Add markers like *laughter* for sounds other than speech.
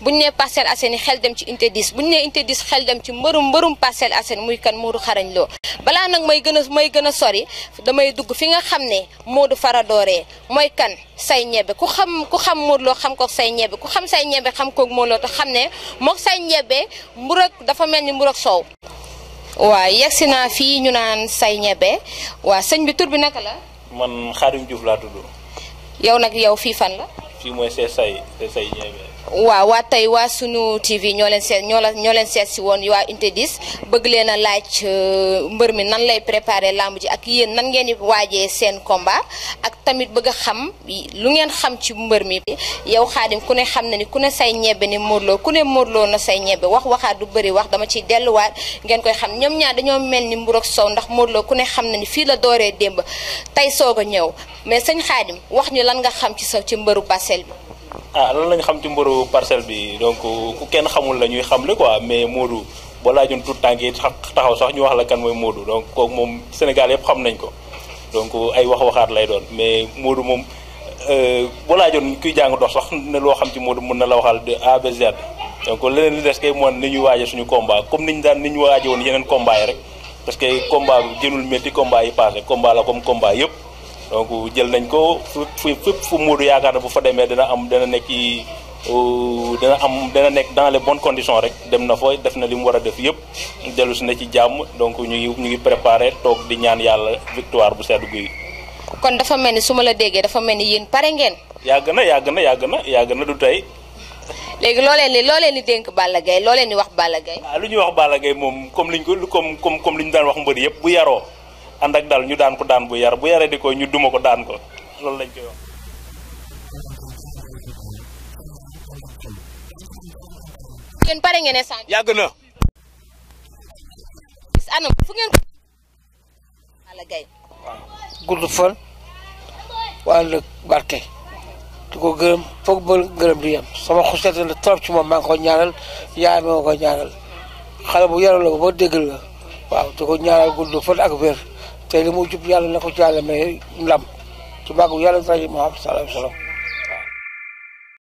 bu ñu nee Parcelles Assainies xel dem ci unité 10 buñu nee unité xel dem ci mbërum mbërum Parcelles Assainies muy kan Modou Xarañ loo balaa nag may gën a may gën a sori damay dugg fi nga xam ne Modou faradooree mooy kan say ñebe ku xam ku xam Modou loo xam kook say ñebe ku xam say ñebe xam kook Modou loo te xam ne mook say ñebe mbur ak dafa mel ni mbur ak soow waaw yegsi naa fii ñu naan say ñebe waa sëñ bi tur bi naka la man Xaadim nag yow fii fan la waaw waa tey waa sunu TV ñoo leen seet ñoo la ñoo leen seet si woon waa unité 10 bëgg leen a laaj euh, mbër mi nan lay préparer làmb ji ak yéen nan ngeen di waajee seen combat ak tamit bëgg xam lu ngeen xam ci mbër mi. yow xaadim ku ne xam na ni ku ne say ñebe ni Modou ku ne Modou na say ñebe wax waxaat du bëri wax dama ciy delluwaat ngeen koy xam ñoom ñaar dañoo mel ni mbuur ak sow ndax Modou Lo ku ne xam na ni fii la dooree démb tey soog a ñëw mais sëñ xaadim wax ñu lan nga xam ci sa ci mbëru Parcelles bi. ah lan lañ xam ci mbaru parcelle bi donc ku kenn xamul la ñuy xamle quoi mais Modou boo laajoon tout tànk yi taxaw sax ñu wax la kan mooy Modou donc kooku moom Sénégal yëpp xam nañ ko donc ay wax waxaat lay doon mais Modou moom euh, boo laajoon kuy jàng dox sax *laughs* ne loo xam ci Modou na la waxal de A ba Z donc leneen li des kay moon ni ñuy waaje suñu combat comme niñ daan ni ñu waaje woon yeneen combat yi rek parce que combat bi jënul métti combat yi passé combat la comme combat yëpp donc jël nañ ko fu fépp fu Modou yaakaar na bu fa demee dina am dina nekk euh, dina am dina nekk dans les bonnes conditions rek dem na fa def na li mu war a def yëpp dellu si na ci jàmm donc ñu ngi ñu ngi préparé toog di ñaan yàlla victoire bu sedd guy. kon dafa mel ni su ma la déggee dafa mel ni yéen pare ngeen. yàgg na yàgg na yàgg na yàgg na du tey. léegi loo leen di loo dénk Balla Gaye loo leen di wax Balla Gaye. Ah, lu ñu wax Balla Gaye moom comme liñ ko ñu daan wax mbër yëpp bu yaroo. ànd ak dal ñu daan ko daan bu yar bu yaree ñu duma ko daan ko yàgg na. gudd fan. waa nag barke. di ko gërëm foog ba gërëm di yem sama xuset la ci moom maa ngi ko ñaanal yaay ma ko ñaanal xale bu yaral la ba déggal la waaw di ko ñaanal gudd fan ak wér. tey li mu jub yàlla na ko ci yàlla may ndam ci bàggu yàlla rajo Muhammad sallallahu alayhi wa sallam